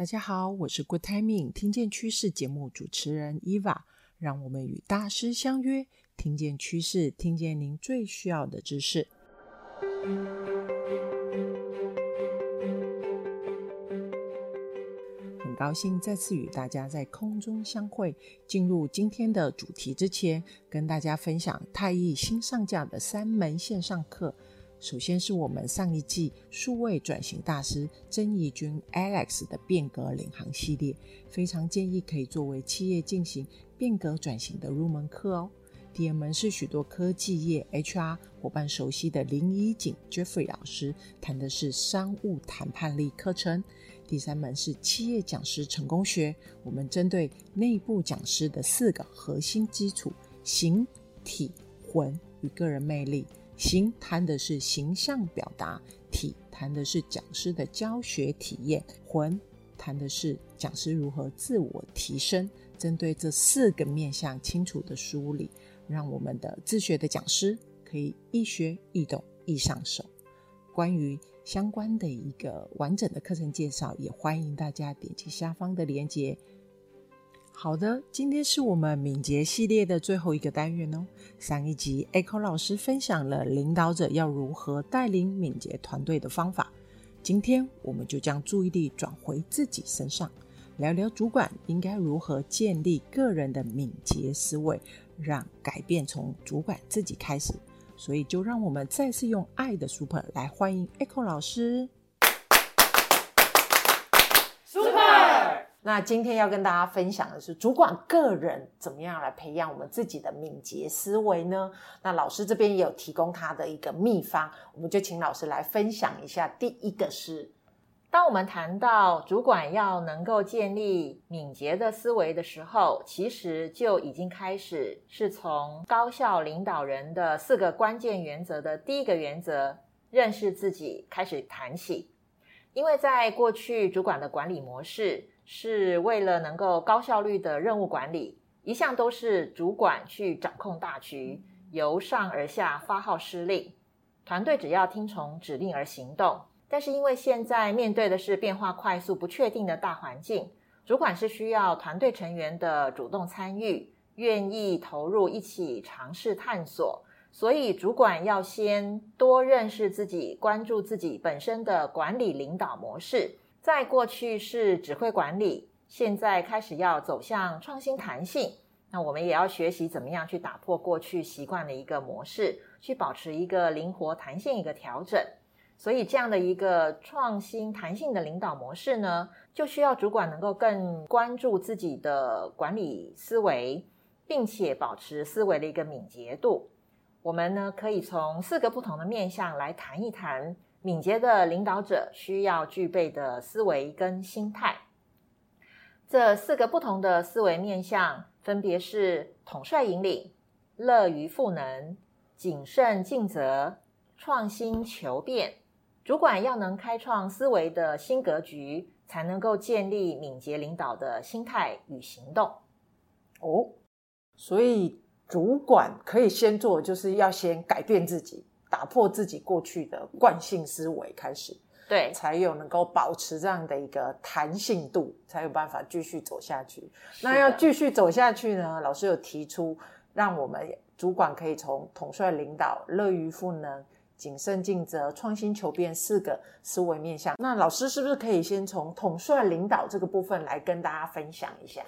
大家好，我是 Good Timing 聽見趨勢節目主持人 Eva，讓我們與大師相約，聽見趨勢，聽見您最需要的知識。很高興再次與大家在空中相會。進入今天的主題之前，跟大家分享太毅新上架的三門線上課。首先是我們上一季數位轉型大師曾怡鈞 Alex 的變革領航系列，非常建議可以作為企業進行變革轉型的入門課哦。第二門是許多科技業 HR 夥伴熟悉的林宜璟 Jeffrey 老師，談的是商務談判力課程。第三門是企業講師成功學，我們針對內部講師的四個核心基礎：形、體、魂與個人魅力。形談的是形象表達，體談的是講師的教學體驗，魂談的是講師如何自我提升。針對這四個面向清楚的梳理，讓我們的自學的講師可以易學易懂易上手。關於相關的一個完整的課程介紹，也歡迎大家點擊下方的連結。好的，今天是我們敏捷系列的最後一個單元哦。上一集 Echo 老師分享了領導者要如何帶領敏捷團隊的方法，今天我們就將注意力轉回自己身上，聊聊主管應該如何建立個人的敏捷思維，讓改變從主管自己開始。所以，就讓我們再次用愛的 Super 來歡迎 Echo 老師。那今天要跟大家分享的是，主管個人怎麼樣來培養我們自己的敏捷思維呢？那老師這邊也有提供他的一個秘方，我們就請老師來分享一下。第一個是，當我們談到主管要能夠建立敏捷的思維的時候，其實就已經開始是從高效領導人的四個關鍵原則的第一個原則——認識自己開始談起，因為在過去主管的管理模式，是為了能夠高效率的任務管理，一向都是主管去掌控大局，由上而下發號施令，團隊只要聽從指令而行動。但是因為現在面對的是變化快速、不確定的大環境，主管是需要團隊成員的主動參與，願意投入，一起嘗試探索。所以主管要先多認識自己，關注自己本身的管理領導模式。在過去是指揮管理，現在開始要走向創新彈性。那我們也要學習怎麼樣去打破過去習慣的一個模式，去保持一個靈活彈性一個調整。所以這樣的一個創新彈性的領導模式呢，就需要主管能夠更關注自己的管理思維，並且保持思維的一個敏捷度。我們呢可以從四個不同的面向來談一談。敏捷的領導者需要具備的思維跟心態。這四個不同的思維面向，分別是統帥引領、樂於賦能、謹慎盡責、創新求變。主管要能開創思維的新格局，才能夠建立敏捷領導的心態與行動。哦，所以主管可以先做，就是要先改變自己。打破自己過去的慣性思維，開始，對，才有能夠保持這樣的一個彈性度，才有辦法繼續走下去。的那要繼續走下去呢？老師有提出，讓我們主管可以從統帥領導、樂於賦能、謹慎盡責、創新求變四個思維面向。那老師是不是可以先從統帥領導這個部分來跟大家分享一下？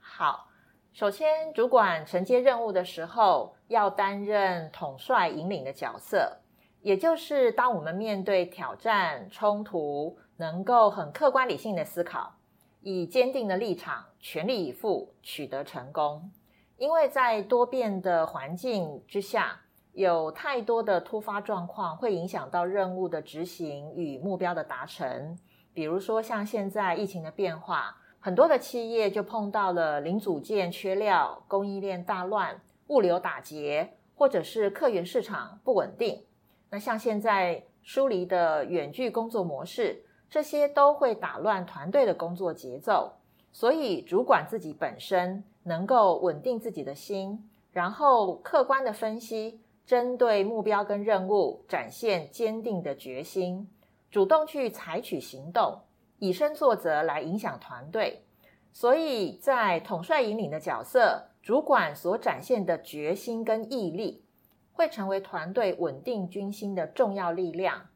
好。首先，主管承接任務的時候，要擔任統帥引領的角色，也就是當我們面對挑戰、衝突，能夠很客觀理性的思考，以堅定的立場，全力以赴，取得成功。因為在多變的環境之下，有太多的突發狀況會影響到任務的執行與目標的達成。比如說像現在疫情的變化。很多的企業就碰到了零組件缺料、供應鏈大亂、物流打結，或者是客源市場不穩定。那像現在疏離的遠距工作模式，這些都會打亂團隊的工作節奏。所以主管自己本身能夠穩定自己的心，然後客觀的分析，針對目標跟任務，展現堅定的決心，主動去採取行動，以身作則來影響團隊，所以在統帥引領的角色，主管所展現的決心跟毅力，會成為團隊穩定軍心的重要力量，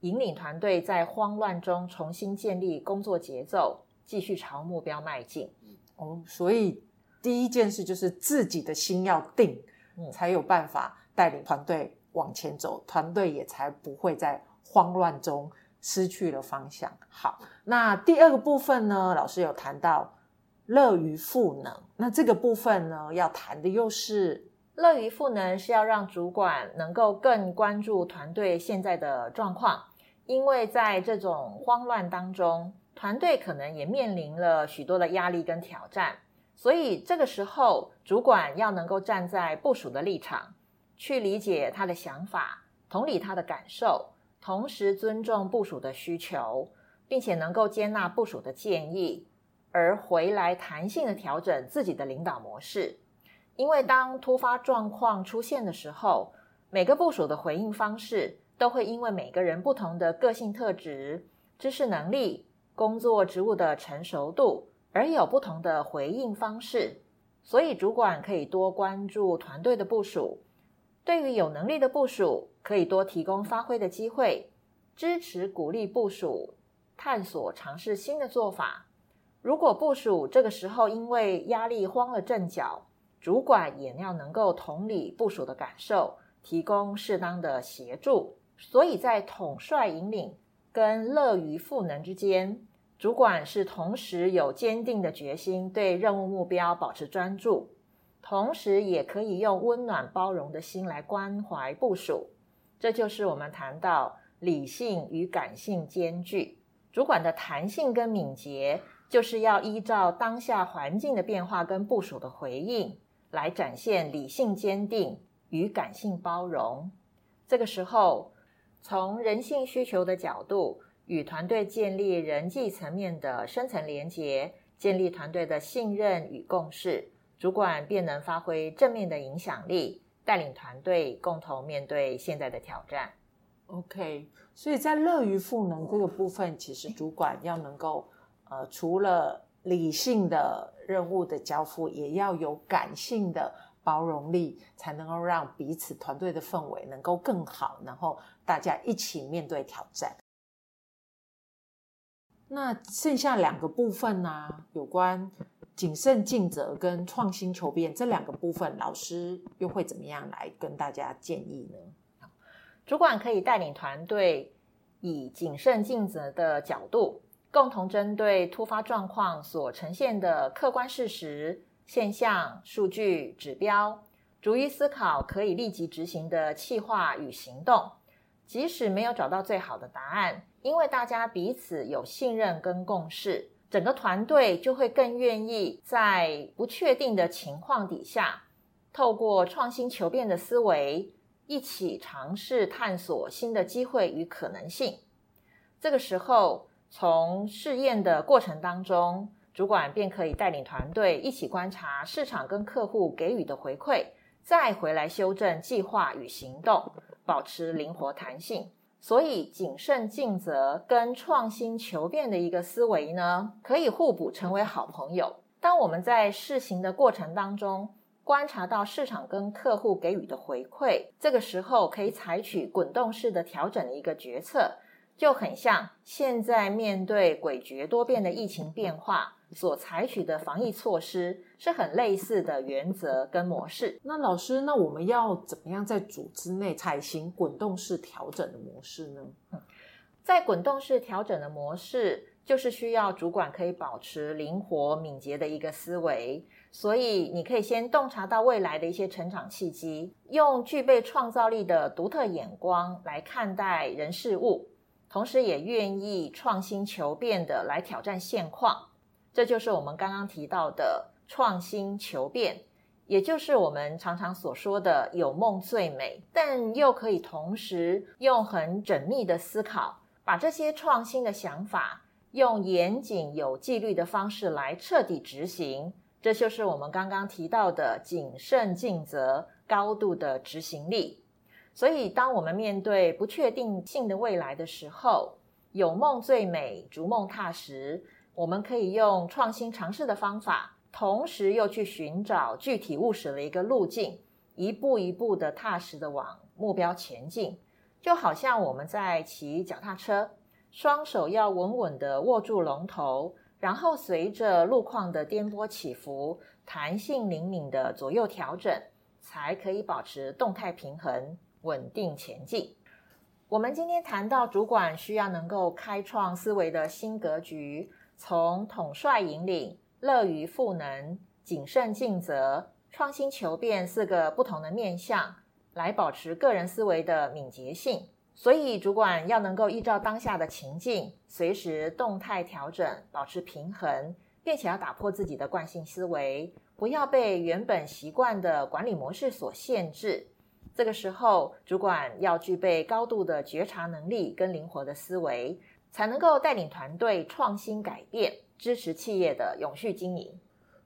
引領團隊在慌亂中重新建立工作節奏，繼續朝目標邁進。嗯、哦，所以第一件事就是自己的心要定，才有辦法帶領團隊往前走，團隊也才不會在慌亂中。失去了方向。好，那第二個部分呢，老師有談到樂於賦能。那這個部分呢，要談的又是樂於賦能，是要讓主管能夠更關注團隊現在的狀況，因為在這種慌亂當中，團隊可能也面臨了許多的壓力跟挑戰。所以這個時候，主管要能夠站在部屬的立場去理解他的想法，同理他的感受。同時尊重部屬的需求，並且能夠接納部屬的建議，而回來彈性地調整自己的領導模式。因為當突發狀況出現的時候，每個部屬的回應方式都會因為每個人不同的個性特質、知識能力、工作職務的成熟度而有不同的回應方式。所以主管可以多關注團隊的部屬。對於有能力的部屬，可以多提供發揮的機會，支持鼓勵部屬，探索嘗試新的做法。如果部屬這個時候因為壓力慌了陣腳，主管也要能夠同理部屬的感受，提供適當的協助。所以在統帥引領跟樂於賦能之間，主管是同時有堅定的決心，對任務目標保持專注。同時，也可以用溫暖包容的心來關懷部屬。這就是我們談到理性與感性兼具，主管的彈性跟敏捷，就是要依照當下環境的變化跟部屬的回應，來展現理性堅定與感性包容。這個時候，從人性需求的角度，與團隊建立人際層面的深層連結，建立團隊的信任與共識。主管便能發揮正面的影響力，帶領團隊共同面對現在的挑戰。OK，所以在樂於賦能這個部分，其實主管要能夠，呃，除了理性的任務的交付，也要有感性的包容力，才能夠讓彼此團隊的氛圍能夠更好，然後大家一起面對挑戰。那剩下兩個部分呢，啊，有關。謹慎盡責跟創新求變這兩個部分，老師又會怎麼樣來跟大家建議呢？主管可以帶領團隊以謹慎盡責的角度，共同針對突發狀況所呈現的客觀事實、現象、數據、指標，逐一思考可以立即執行的企劃與行動。即使沒有找到最好的答案，因為大家彼此有信任跟共識。整個團隊就會更願意在不確定的情況底下，透過創新求變的思維，一起嘗試探索新的機會與可能性。這個時候，從試驗的過程當中，主管便可以帶領團隊一起觀察市場跟客戶給予的回饋，再回來修正計劃與行動，保持靈活彈性。所以，謹慎盡責跟創新求變的一個思維呢，可以互補，成為好朋友。當我們在試行的過程當中，觀察到市場跟客戶給予的回饋，這個時候可以採取滾動式的調整的一個決策，就很像現在面對詭譎多變的疫情變化。所採取的防疫措施是很類似的原則跟模式。那老師，那我們要怎麼樣在組織內採行滾動式調整的模式呢？在滾動式調整的模式，就是需要主管可以保持靈活敏捷的一個思維。所以，你可以先洞察到未來的一些成長契機，用具備創造力的獨特眼光來看待人事物，同時也願意創新求變的來挑戰現況。這就是我們剛剛提到的創新求變，也就是我們常常所說的有夢最美，但又可以同時用很縝密的思考，把這些創新的想法用嚴謹有紀律的方式來徹底執行。這就是我們剛剛提到的謹慎盡責、高度的執行力。所以，當我們面對不確定性的未來的時候，有夢最美，逐夢踏實。我們可以用創新嘗試的方法，同時又去尋找具體務實的一個路徑，一步一步的踏實地往目標前進。就好像我們在騎腳踏車，雙手要穩穩的握住龍頭，然後隨着路況的顛簸起伏，彈性靈敏的左右調整，才可以保持動態平衡，穩定前進。我們今天談到主管需要能夠開創思維的新格局。從統帥引領、樂於賦能、謹慎盡責、創新求變四個不同的面向來保持個人思維的敏捷性。所以，主管要能夠依照當下的情境，隨時動態調整，保持平衡，並且要打破自己的慣性思維，不要被原本習慣的管理模式所限制。這個時候，主管要具備高度的覺察能力跟靈活的思維。才能夠帶領團隊創新改變，支持企業的永續經營。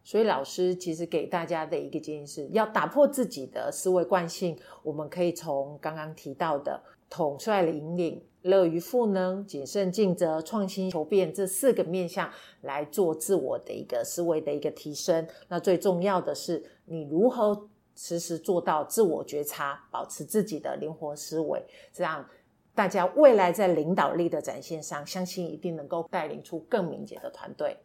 所以老師其實給大家的一個建議是要打破自己的思維慣性。我們可以從剛剛提到的統帥引領、樂於賦能、謹慎盡責、創新求變這四個面向來做自我的一個思維的一個提升。那最重要的是，你如何時時做到自我覺察，保持自己的靈活思維，這樣。大家未來在領導力的展現上，相信一定能夠帶領出更敏捷的團隊。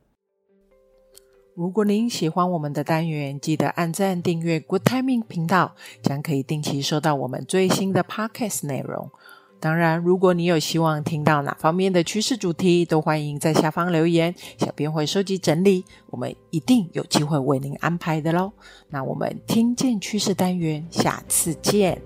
如果您喜歡我們的單元，記得按贊訂閱 Good Timing 頻道，將可以定期收到我們最新的 Podcast 內容。當然，如果你有希望聽到哪方面的趨勢主題，都歡迎在下方留言，小編會收集整理，我們一定有機會為您安排的嘍。那我們聽見趨勢單元，下次見。